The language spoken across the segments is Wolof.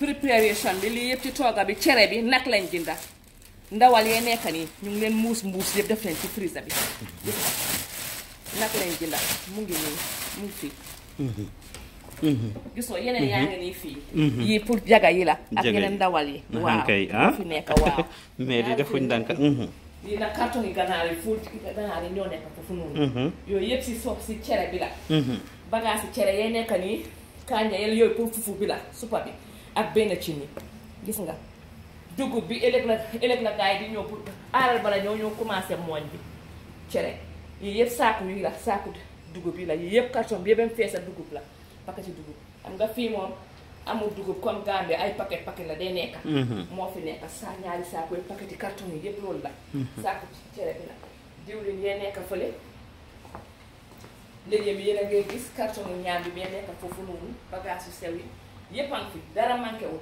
préparation bi lii yëpp ci tooga bi cere bi nag lañ jënda ndawal yee nekk nii ñu ngi leen muus mbuus yëpp def leen ci frise bi nag lañ jënda mu ngi nii mu ngi fii mm-hmm. gisoo yeneen yaa ngi nii fii mm-hmm. yii pour jaga yi la ak yeneen ndawal yi waaw ah. fi nekk waaw mais di defuñ ndànka mm-hmm. lii nag carton yi ganaar yi fuul ganaar yi ñoo nekk foofu noonu yooyu yëpp si soog si cere bi la bagage si cere yee nekk nii kànja yooyu pour fufu bi la supa bi ak benn ci ni gis nga dugub bi ëllëg la ëllëg la gars yi di ñëw pour aaral bala ñoo ñoo commencé mooñ bi cere yii yëpp saaku yi la saaku dugub yi la yii yëpp carton bi yëpp fees dugub la paquet ci dugub xam nga fii moom amul dugub comme Gambie ay paquet paquet la day nekka mhm. moo fi nekka saa ñaari saaku yi yi carton loolu la mhm. saaku cere bi la diwlin yee nekk fële légumes yi yéen a ngay gis carton yi ñaam bi bee nekka foofu noonu bagage yu sew yi yépp am fi dara manqué wul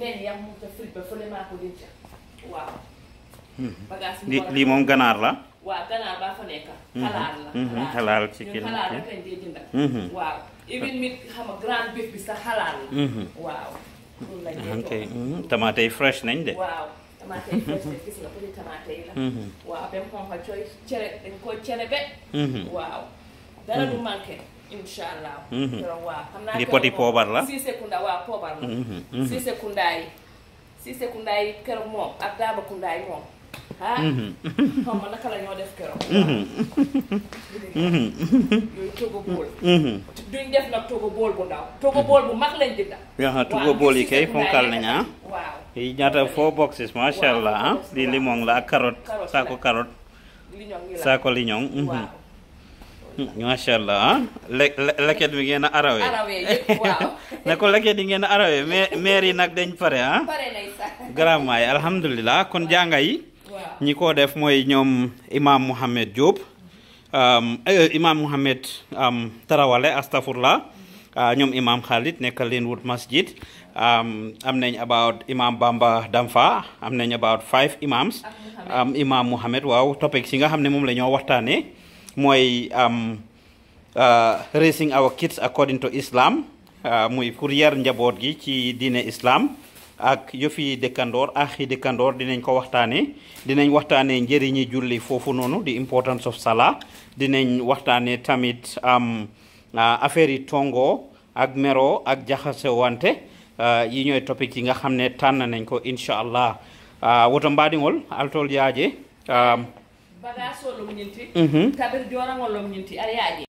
neen yaa mu ta fripe fële maa ko denc waaw hmm. lii moom ganaar la waaw ganaar baa fa nekk hmm. xalaal la hmm, xalaal la tamaate yi fresh nañ de tamaate yi fresh de gis nga përi tamaate yi la waaw ba mu xonq cooy be dara du manqué incha allah. keroog mm-hmm. waaw xam naa li poti poobar la si sekunda yi mm-hmm. si mm-hmm. sekunda yi keroog moom ak daaba kunda yi moom. la ñoo duñ def nag togo bool bu ndaw. togo bool bu mag lañ di togo bool yi kay fonkal nañ ah. ñaata foo boxes macha allah ah. limon la ak carotte. saako carotte. saako liñoŋ. waaw. Hmm, machallah ah. leket mi ngeen a arawe ne ko leket yi ngeen a arawe maire yi nag dañ pare ah grandement yi alhamdulilah kon jànga yi ñi ko def mooy ñoom imam Muhammad Job. um, eh, eh, imam Muhammad um, tarawale astafurlah ñoom uh, imam khalid nekkal leen masjid um, am nañ about imam bamba damfa am nañ about five imams um, imam Muhammad waaw Topik singa nga xam ne moom la ñoo mooy um, uh, raising our kids according to Islam uh, muy pour yar njaboot gi ci diine Islam ak yëfi dëkkandoor axi dëkkandoor dinañ ko waxtaanee dinañ waxtaanee njëriñi julli foofu noonu di importance of salah dinañ waxtaanee tamit um, uh, affaire yi tongo ak mero ak jaxase wante yi ñooy topic yi nga xam ne tànn nañ ko incha allah woto mbaadiŋol altol yaaje um, bagage o lomñinti kaɓir mm-hmm. jorangol lomñinti aɗa yaaƴi